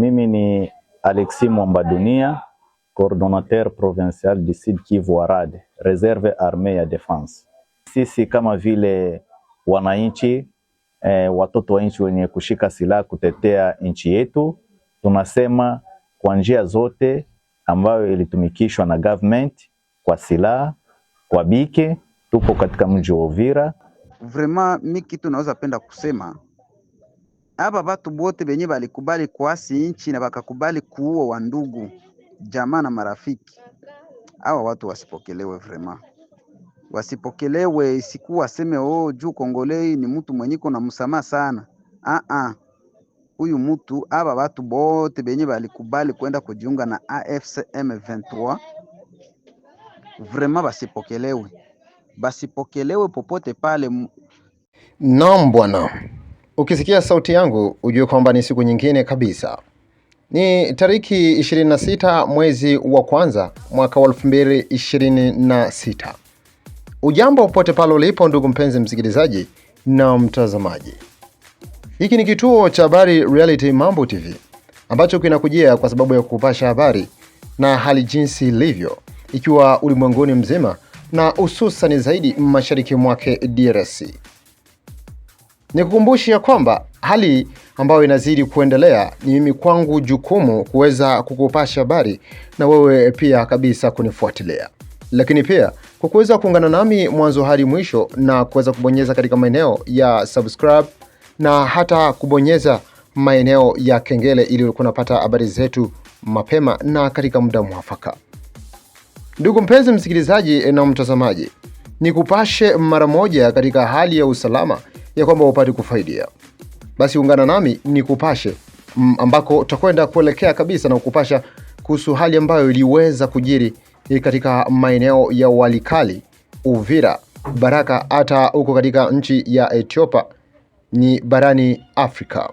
Mimi ni Alexi Mwamba Dunia, coordonnateur provincial du Sud Kivu Arad, reserve armee ya defense. Sisi kama vile wananchi e, watoto wa nchi wenye kushika silaha kutetea nchi yetu, tunasema kwa njia zote ambayo ilitumikishwa na government kwa silaha kwa bike, tupo katika mji wa Uvira. Vraiment, mi kitu naweza penda kusema Aba batu bote benye balikubali kuasi nchi na bakakubali kuua ndugu jamaa na marafiki, hawa watu wasipokelewe vrema, wasipokelewe isiku waseme oh, juu Kongolei ni mtu mwenyiko na msamaha sana. Ah huyu mtu, aba batu bote benye balikubali kwenda kujiunga na AFC M23 vrema basipokelewe, basipokelewe popote pale. Naam bwana. Ukisikia sauti yangu ujue kwamba ni siku nyingine kabisa. Ni tariki 26 mwezi wa kwanza mwaka wa 2026. Ujambo popote pale ulipo, ndugu mpenzi msikilizaji na mtazamaji, hiki ni kituo cha habari Reality Mambo TV ambacho kinakujia kwa sababu ya kukupasha habari na hali jinsi ilivyo, ikiwa ulimwenguni mzima na hususani zaidi mashariki mwake DRC. Nikukumbushe ya kwamba hali ambayo inazidi kuendelea, ni mimi kwangu jukumu kuweza kukupasha habari na wewe pia kabisa kunifuatilia, lakini pia kwa kuweza kuungana nami mwanzo hadi mwisho na kuweza kubonyeza katika maeneo ya subscribe na hata kubonyeza maeneo ya kengele ili ulikuwa unapata habari zetu mapema na katika muda mwafaka. Ndugu mpenzi msikilizaji na mtazamaji, nikupashe mara moja katika hali ya usalama ya kwamba upate kufaidia, basi ungana nami ni kupashe mm, ambako tutakwenda kuelekea kabisa na kukupasha kuhusu hali ambayo iliweza kujiri eh, katika maeneo ya Walikali, Uvira, Baraka hata huko katika nchi ya Ethiopia ni barani Afrika.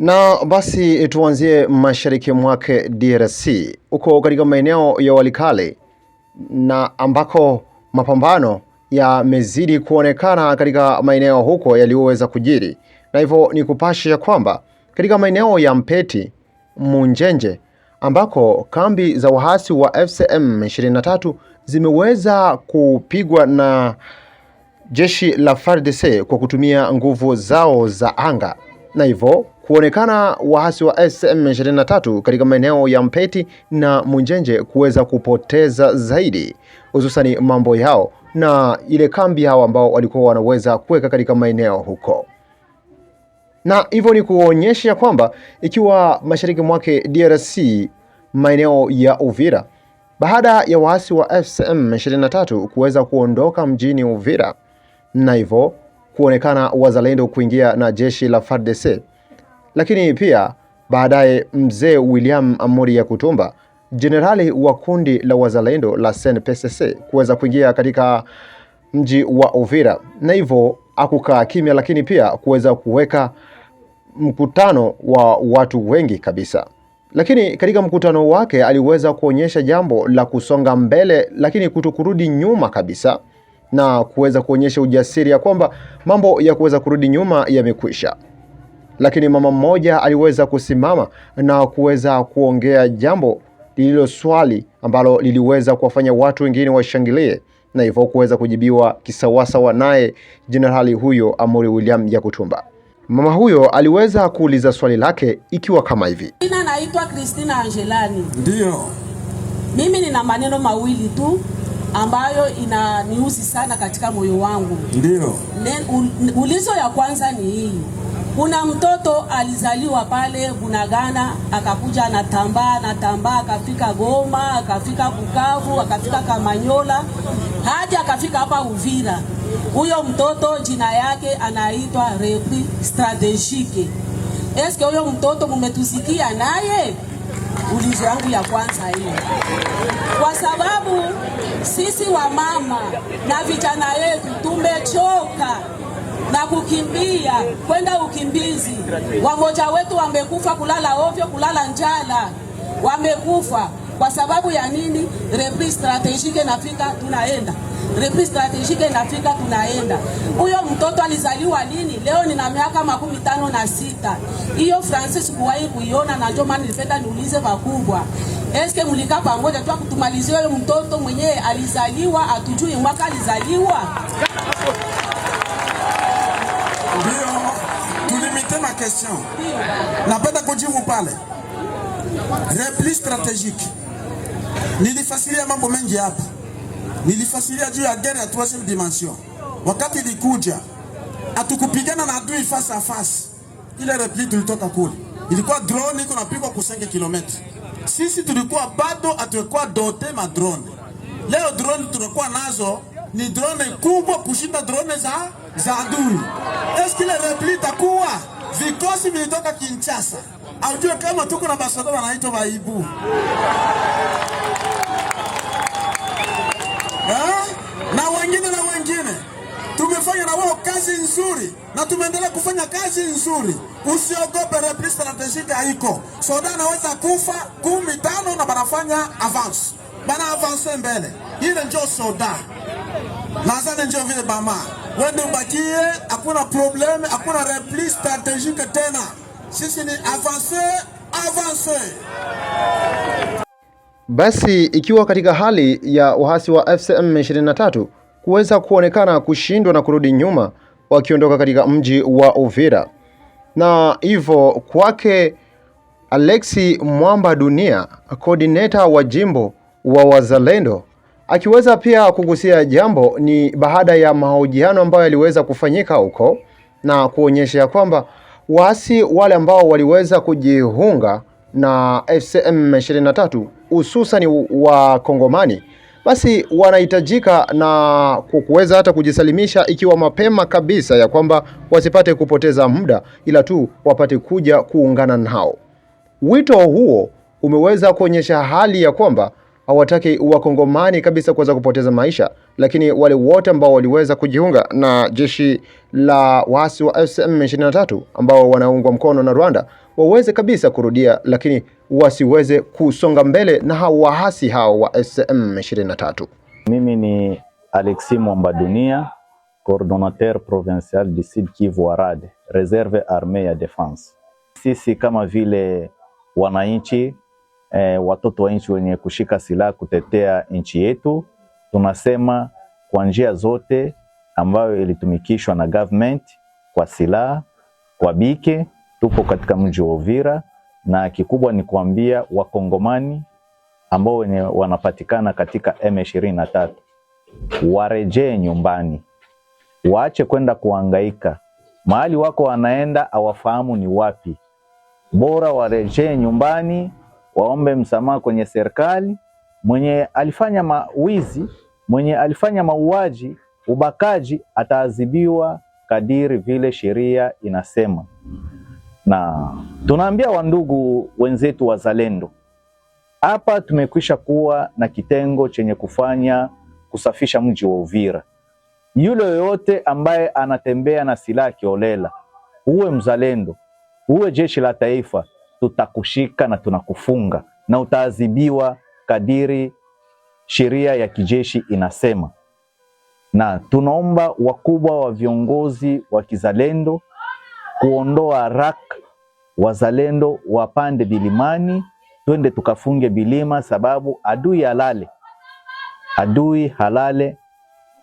Na basi tuanzie mashariki mwake DRC huko katika maeneo ya Walikale na ambako mapambano yamezidi kuonekana katika maeneo huko yaliyoweza kujiri, na hivyo ni kupasha ya kwamba katika maeneo ya Mpeti, Munjenje ambako kambi za waasi wa FCM 23 zimeweza kupigwa na jeshi la FARDC kwa kutumia nguvu zao za anga, na hivyo kuonekana waasi wa sm 23 katika maeneo ya Mpeti na Munjenje kuweza kupoteza zaidi, hususani mambo yao na ile kambi hao ambao walikuwa wanaweza kuweka katika maeneo huko na hivyo ni kuonyesha kwamba ikiwa mashariki mwake DRC maeneo ya Uvira, baada ya waasi wa M23 kuweza kuondoka mjini Uvira na hivyo kuonekana wazalendo kuingia na jeshi la FARDC, lakini pia baadaye mzee William Amuri kutumba jenerali wa kundi la wazalendo la SNPCC kuweza kuingia katika mji wa Uvira na hivyo akukaa kimya, lakini pia kuweza kuweka mkutano wa watu wengi kabisa. Lakini katika mkutano wake aliweza kuonyesha jambo la kusonga mbele, lakini kutokurudi nyuma kabisa, na kuweza kuonyesha ujasiri ya kwamba mambo ya kuweza kurudi nyuma yamekwisha lakini mama mmoja aliweza kusimama na kuweza kuongea jambo lililo swali ambalo liliweza kuwafanya watu wengine washangilie na hivyo kuweza kujibiwa kisawasawa naye jenerali huyo Amuri William Yakutumba. Mama huyo aliweza kuuliza swali lake ikiwa kama hivi: Jina naitwa Christina Angelani. Ndio. Mimi nina maneno mawili tu ambayo inaniuzi sana katika moyo wangu. Ndio. Ulizo ya kwanza ni hii kuna mtoto alizaliwa pale Bunagana, akakuja anatambaa anatambaa, akafika Goma, akafika Bukavu, akafika Kamanyola hadi akafika hapa Uvira. Huyo mtoto jina yake anaitwa repri strategike. Eske huyo mtoto mumetusikia naye? Ulizo yangu ya kwanza hiyo, kwa sababu sisi wamama na vijana yetu tumechoka na kukimbia kwenda ukimbizi. Wamoja wetu wamekufa kulala ovyo, kulala njala, wamekufa kwa sababu ya nini? Repli strategique nafika, tunaenda repli strategique nafika, tunaenda. Huyo mtoto alizaliwa lini? Leo nina miaka makumi tano na sita. Hiyo Francis kuwahi kuiona, na ndio maana nilipenda niulize makubwa eske mulika pamoja tu kutumalizia mtoto mwenyee alizaliwa, atujui mwaka alizaliwa question. La pédagogie vous Repli stratégique. nilifasiria mambo mengi hapa, nilifasilia juu ya guerre ya troisième dimension. Wakati ilikuja atukupigana na adui face à face, ile repli tulitoka kule ilikuwa drone iko napigwa ku 5 km. Sisi tulikuwa bado hatukuwa dote ma drone. Leo drone tunakuwa nazo ni drone kubwa kushinda drone za za adui. Est-ce que le repli takuwa vikosi vilitoka Kinshasa, aujue kama tuko na basoda wanaitwa waibu eh? na wengine na wengine, tumefanya na wao kazi nzuri na tumeendelea kufanya kazi nzuri. Usiogope, repli strategique haiko soda anaweza kufa kumi tano na banafanya avance, bana avance mbele, ile njo soda nazane njo vile bamaa Wende ubakie, hakuna probleme, hakuna repli strategike tena. Sisi ni avance avance. Basi ikiwa katika hali ya waasi wa fcm 23 kuweza kuonekana kushindwa na kurudi nyuma wakiondoka katika mji wa Uvira, na hivyo kwake Alexi Mwamba Dunia, coordinator wa jimbo wa Wazalendo Akiweza pia kugusia jambo ni baada ya mahojiano ambayo yaliweza kufanyika huko na kuonyesha kwamba waasi wale ambao waliweza kujiunga na fcm M23 hususani kongomani basi wanahitajika na kuweza hata kujisalimisha ikiwa mapema kabisa, ya kwamba wasipate kupoteza muda, ila tu wapate kuja kuungana nao. Wito huo umeweza kuonyesha hali ya kwamba hawataki wakongomani kabisa kuweza kupoteza maisha, lakini wale wote ambao waliweza kujiunga na jeshi la waasi wa M23 ambao wanaungwa mkono na Rwanda waweze kabisa kurudia, lakini wasiweze kusonga mbele na hao waasi hao wa M23. Mimi ni alexi Mwamba Dunia, coordonnateur provincial du Sud Kivu Arad, reserve armee ya defense. Sisi kama vile wananchi e, watoto wa nchi wenye kushika silaha kutetea nchi yetu. Tunasema kwa njia zote ambayo ilitumikishwa na government kwa silaha, kwa bike, tupo katika mji wa Uvira, na kikubwa ni kuambia wakongomani ambao wenye wanapatikana katika M23 warejee nyumbani, waache kwenda kuhangaika mahali wako wanaenda, awafahamu ni wapi. Bora warejee nyumbani waombe msamaha kwenye serikali, mwenye alifanya mawizi, mwenye alifanya mauaji, ubakaji ataadhibiwa kadiri vile sheria inasema, na tunaambia wandugu wenzetu wazalendo, hapa tumekwisha kuwa na kitengo chenye kufanya kusafisha mji wa Uvira. Yule yoyote ambaye anatembea na silaha kiolela, uwe mzalendo, uwe jeshi la taifa tutakushika na tunakufunga na utaadhibiwa kadiri sheria ya kijeshi inasema. Na tunaomba wakubwa wa viongozi wa kizalendo kuondoa rak wazalendo wapande bilimani, twende tukafunge bilima, sababu adui halale, adui halale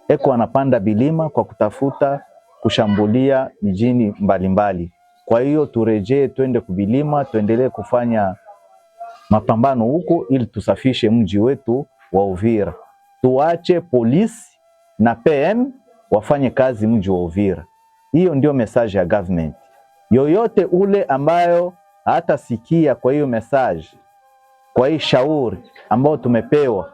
eko anapanda bilima kwa kutafuta kushambulia mijini mbalimbali. Kwa hiyo turejee, twende kuvilima, tuendelee kufanya mapambano huko, ili tusafishe mji wetu wa Uvira. Tuache polisi na PM wafanye kazi mji wa Uvira. Hiyo ndio message ya government. Yoyote ule ambayo hatasikia kwa hiyo message, kwa hii shauri ambayo tumepewa,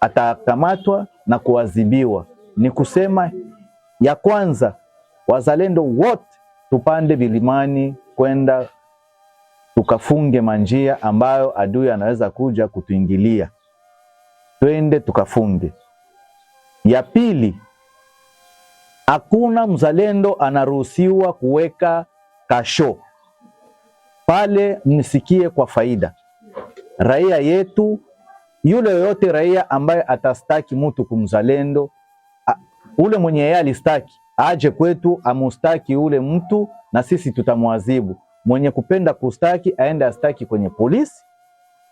atakamatwa na kuadhibiwa. Ni kusema ya kwanza, wazalendo wote tupande vilimani kwenda tukafunge manjia ambayo adui anaweza kuja kutuingilia, twende tukafunge. Ya pili, hakuna mzalendo anaruhusiwa kuweka kasho pale, Msikie kwa faida raia yetu. Yule yoyote raia ambaye atastaki mtu kumzalendo, ule mwenye yeye alistaki aje kwetu amustaki ule mtu na sisi tutamwadhibu. Mwenye kupenda kustaki aende astaki kwenye polisi,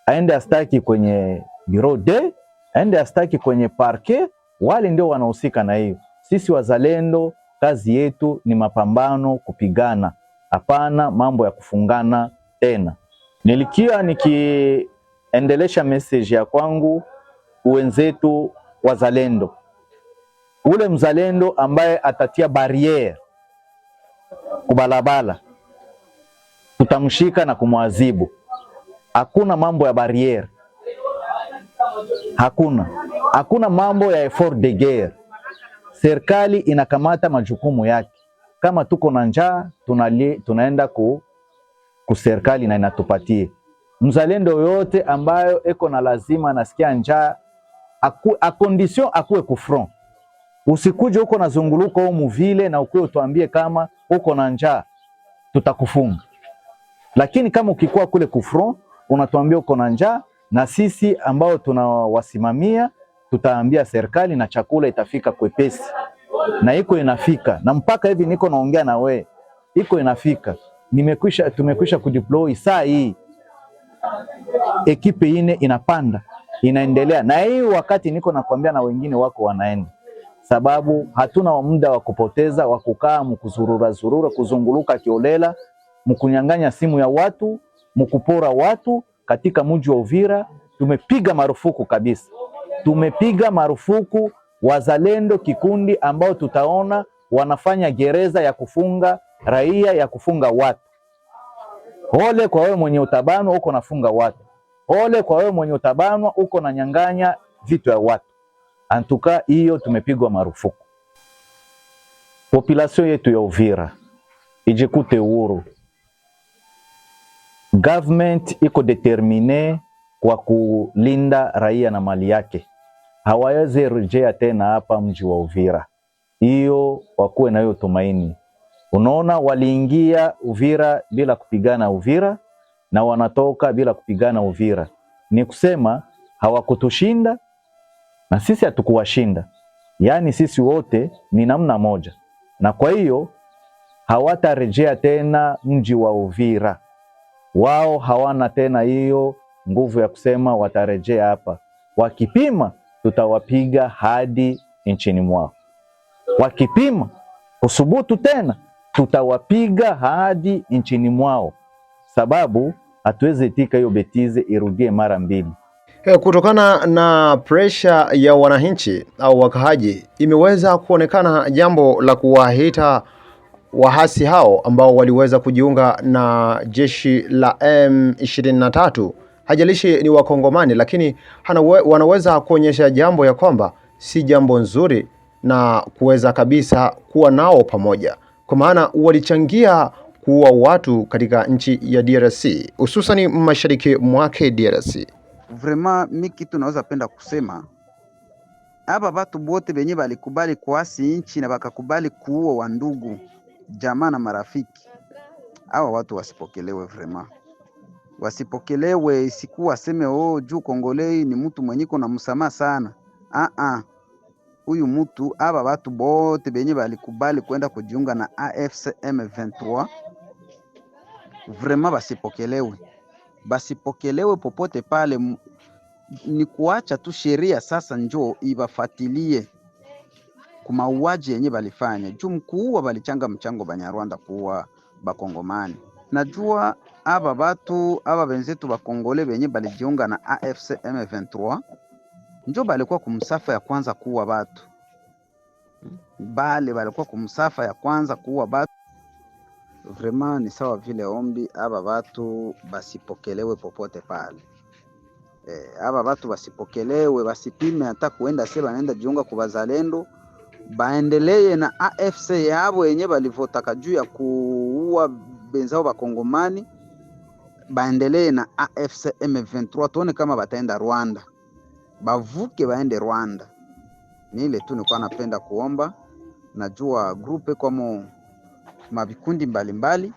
aende astaki kwenye bureau de, aende astaki kwenye parke. Wale ndio wanahusika na hiyo. Sisi wazalendo, kazi yetu ni mapambano, kupigana, hapana mambo ya kufungana tena. Nilikia nikiendelesha message ya kwangu wenzetu wazalendo ule mzalendo ambaye atatia bariere kubalabala, tutamshika na kumwadhibu. Hakuna mambo ya bariere hakuna hakuna mambo ya effort de guerre. Serikali inakamata majukumu yake. Kama tuko na njaa, tunaenda ku, ku serikali na inatupatie. Mzalendo yote ambayo eko na lazima anasikia njaa, a condition akuwe ku front Usikuje huko na zunguluko humu vile na ukue utuambie kama uko na njaa, tutakufunga. Lakini kama ukikuwa kule kufron unatuambia uko na njaa, na sisi ambao tunawasimamia tutaambia serikali na chakula itafika kwepesi, na iko inafika, na mpaka hivi niko naongea na we iko inafika. Nimekwisha, tumekwisha kudeploy saa hii, ekipe ine inapanda inaendelea, na hii wakati niko nakwambia, na wengine wako wanaenda sababu hatuna wa muda wa kupoteza wa kukaa mkuzurura zurura kuzunguluka kiolela mkunyang'anya simu ya watu mkupora watu katika mji wa Uvira. Tumepiga marufuku kabisa, tumepiga marufuku wazalendo, kikundi ambao tutaona wanafanya gereza ya kufunga raia ya kufunga watu. Ole kwa wewe mwenye utabanwa uko nafunga watu, ole kwa wewe mwenye utabanwa uko na nyang'anya vitu ya watu. Antuka hiyo tumepigwa marufuku. Population yetu ya Uvira ijikute uhuru. Government iko determine kwa kulinda raia na mali yake, hawaweze rejea tena hapa mji wa Uvira. Hiyo wakuwe nayo tumaini. Unaona, waliingia Uvira bila kupigana Uvira na wanatoka bila kupigana Uvira, ni kusema hawakutushinda na sisi hatukuwashinda, yaani sisi wote ni namna moja, na kwa hiyo hawatarejea tena mji wa Uvira. Wao hawana tena hiyo nguvu ya kusema watarejea hapa. Wakipima tutawapiga hadi nchini mwao, wakipima kusubutu tena tutawapiga hadi nchini mwao, sababu hatuwezi itika hiyo betize irudie mara mbili. Eh, kutokana na presha ya wananchi au wakaaji, imeweza kuonekana jambo la kuwahita wahasi hao ambao waliweza kujiunga na jeshi la M23, hajalishi ni Wakongomani, lakini hanawe, wanaweza kuonyesha jambo ya kwamba si jambo nzuri na kuweza kabisa kuwa nao pamoja, kwa maana walichangia kuua watu katika nchi ya DRC hususani mashariki mwake DRC vraiment mi kitu naweza penda kusema hapa batu bote benye balikubali kuasi nchi na bakakubali kuua ndugu jamaa na marafiki, hawa watu wasipokelewe, vraiment wasipokelewe. Isiku waseme oh, juu Kongolei ni mtu mwenyiko na msamaha sana. Ah huyu mtu, hapa batu bote benye balikubali kwenda kujiunga na AFC M23 vraiment basipokelewe basipokelewe popote pale, ni kuacha tu sheria sasa njoo ibafatilie kumauaji yenye balifanya juu mkuua balichanga mchango banyarwanda kuwa bakongomani. Najua aba batu aba benzetu bakongole benye balijiunga na AFC M23 njo balikuwa kumsafa ya kwanza kuwa batu, bale balikuwa kumsafa ya kwanza kuwa batu vraiment ni sawa vile ombi aba batu basipokelewe popote pale. eh, aba batu basipokelewe, basipime hata kuenda sie banaenda jiunga ku bazalendo, baendelee na AFC yabo yenye balivotaka juu ya kuua benzao bakongomani, baendelee na AFC M23. Tuone kama bataenda Rwanda, bavuke baende Rwanda. Ni ile tu nilikuwa napenda kuomba, najua grupe kwamo mavikundi mbalimbali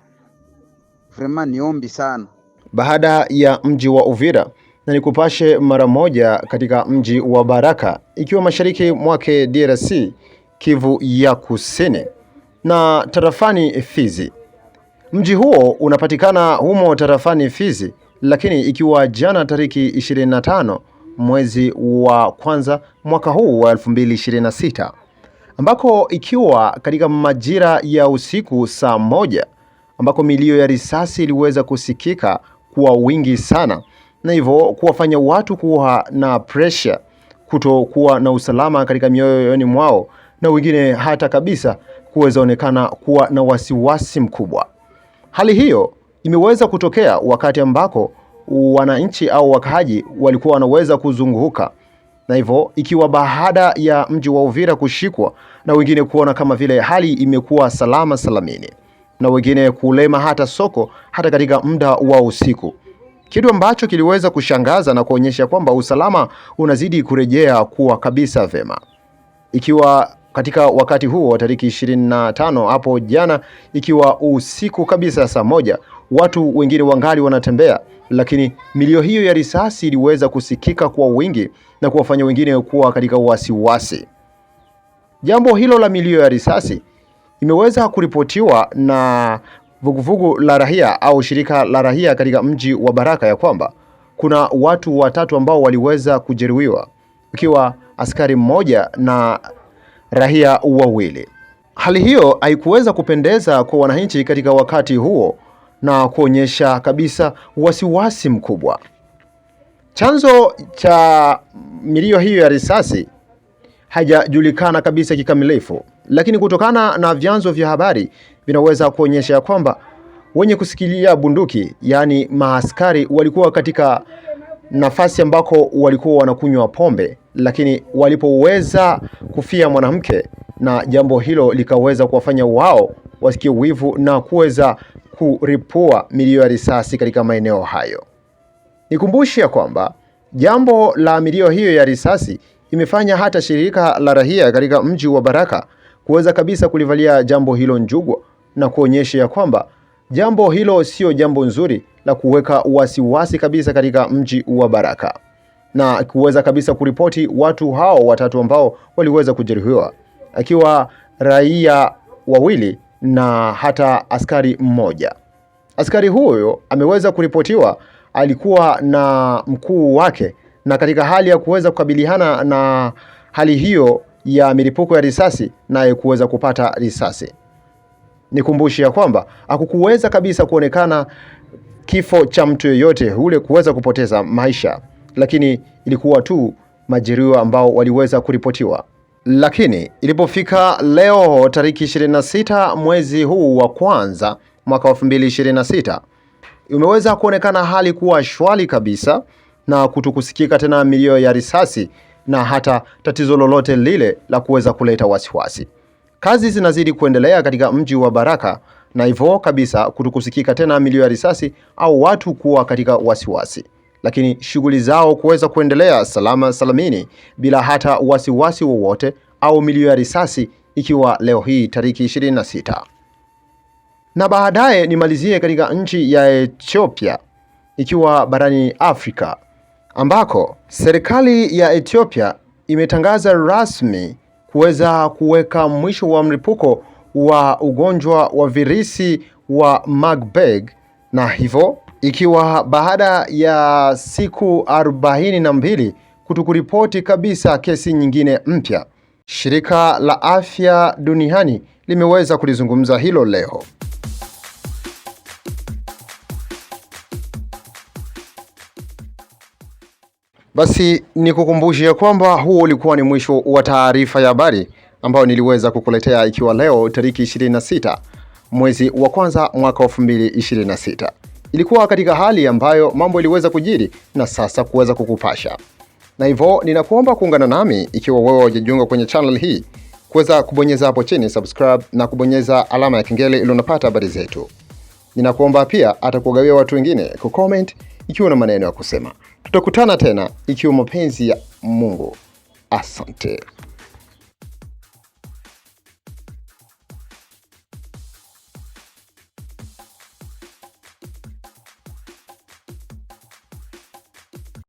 vrema, ombi sana baada ya mji wa Uvira na nikupashe mara moja katika mji wa Baraka ikiwa mashariki mwake DRC Kivu ya Kusini na tarafani Fizi. Mji huo unapatikana humo tarafani Fizi, lakini ikiwa jana tariki 25 mwezi wa kwanza mwaka huu wa 2026 ambako ikiwa katika majira ya usiku saa moja ambako milio ya risasi iliweza kusikika kwa wingi sana, na hivyo kuwafanya watu kuwa na presha, kutokuwa na usalama katika mioyoni mwao, na wengine hata kabisa kuweza onekana kuwa na wasiwasi mkubwa. Hali hiyo imeweza kutokea wakati ambako wananchi au wakaaji walikuwa wanaweza kuzunguka na hivyo ikiwa baada ya mji wa Uvira kushikwa na wengine kuona kama vile hali imekuwa salama salamini, na wengine kulema hata soko hata katika muda wa usiku, kitu ambacho kiliweza kushangaza na kuonyesha kwamba usalama unazidi kurejea kuwa kabisa vema, ikiwa katika wakati huo wa tariki 25 hapo jana, ikiwa usiku kabisa saa moja, watu wengine wangali wanatembea lakini milio hiyo ya risasi iliweza kusikika kwa wingi na kuwafanya wengine kuwa katika wasiwasi. Jambo hilo la milio ya risasi imeweza kuripotiwa na vuguvugu la rahia au shirika la rahia katika mji wa Baraka ya kwamba kuna watu watatu ambao waliweza kujeruhiwa, ikiwa askari mmoja na rahia wawili. Hali hiyo haikuweza kupendeza kwa wananchi katika wakati huo na kuonyesha kabisa wasiwasi mkubwa. Chanzo cha milio hiyo ya risasi hajajulikana kabisa kikamilifu, lakini kutokana na vyanzo vya habari vinaweza kuonyesha kwamba wenye kusikilia bunduki, yaani maaskari, walikuwa katika nafasi ambako walikuwa wanakunywa pombe, lakini walipoweza kufia mwanamke, na jambo hilo likaweza kuwafanya wao wasikie wivu na kuweza kuripua milio ya risasi katika maeneo hayo. Nikumbushe ya kwamba jambo la milio hiyo ya risasi imefanya hata shirika la rahia katika mji wa Baraka kuweza kabisa kulivalia jambo hilo njugwa na kuonyesha ya kwamba jambo hilo sio jambo nzuri la kuweka wasiwasi kabisa katika mji wa Baraka na kuweza kabisa kuripoti watu hao watatu ambao waliweza kujeruhiwa, akiwa raia wawili na hata askari mmoja. Askari huyo ameweza kuripotiwa alikuwa na mkuu wake, na katika hali ya kuweza kukabiliana na hali hiyo ya milipuko ya risasi, naye kuweza kupata risasi. Nikumbushi ya kwamba hakukuweza kabisa kuonekana kifo cha mtu yeyote ule kuweza kupoteza maisha, lakini ilikuwa tu majeruhi ambao waliweza kuripotiwa. Lakini ilipofika leo tariki 26 mwezi huu wa kwanza mwaka 2026 imeweza kuonekana hali kuwa shwari kabisa na kutokusikika tena milio ya risasi na hata tatizo lolote lile la kuweza kuleta wasiwasi. Kazi zinazidi kuendelea katika mji wa Baraka na hivyo kabisa kutokusikika tena milio ya risasi au watu kuwa katika wasiwasi lakini shughuli zao kuweza kuendelea salama salamini bila hata wasiwasi wowote au milio ya risasi, ikiwa leo hii tariki 26. Na baadaye nimalizie katika nchi ya Ethiopia, ikiwa barani Afrika, ambako serikali ya Ethiopia imetangaza rasmi kuweza kuweka mwisho wa mlipuko wa ugonjwa wa virusi wa Marburg na hivyo ikiwa baada ya siku arobaini na mbili kutokuripoti kabisa kesi nyingine mpya. Shirika la Afya Duniani limeweza kulizungumza hilo leo. Basi ni kukumbushia kwamba huo ulikuwa ni mwisho wa taarifa ya habari ambayo niliweza kukuletea ikiwa leo tariki 26 mwezi wa kwanza mwaka 2026 ilikuwa katika hali ambayo mambo iliweza kujiri na sasa kuweza kukupasha, na hivyo ninakuomba kuungana nami ikiwa wewe hujajiunga kwenye channel hii kuweza kubonyeza hapo chini subscribe na kubonyeza alama ya kengele ili unapata habari zetu. Ninakuomba pia hata kuwagawia watu wengine comment ikiwa na maneno ya kusema. Tutakutana tena ikiwa mapenzi ya Mungu. Asante.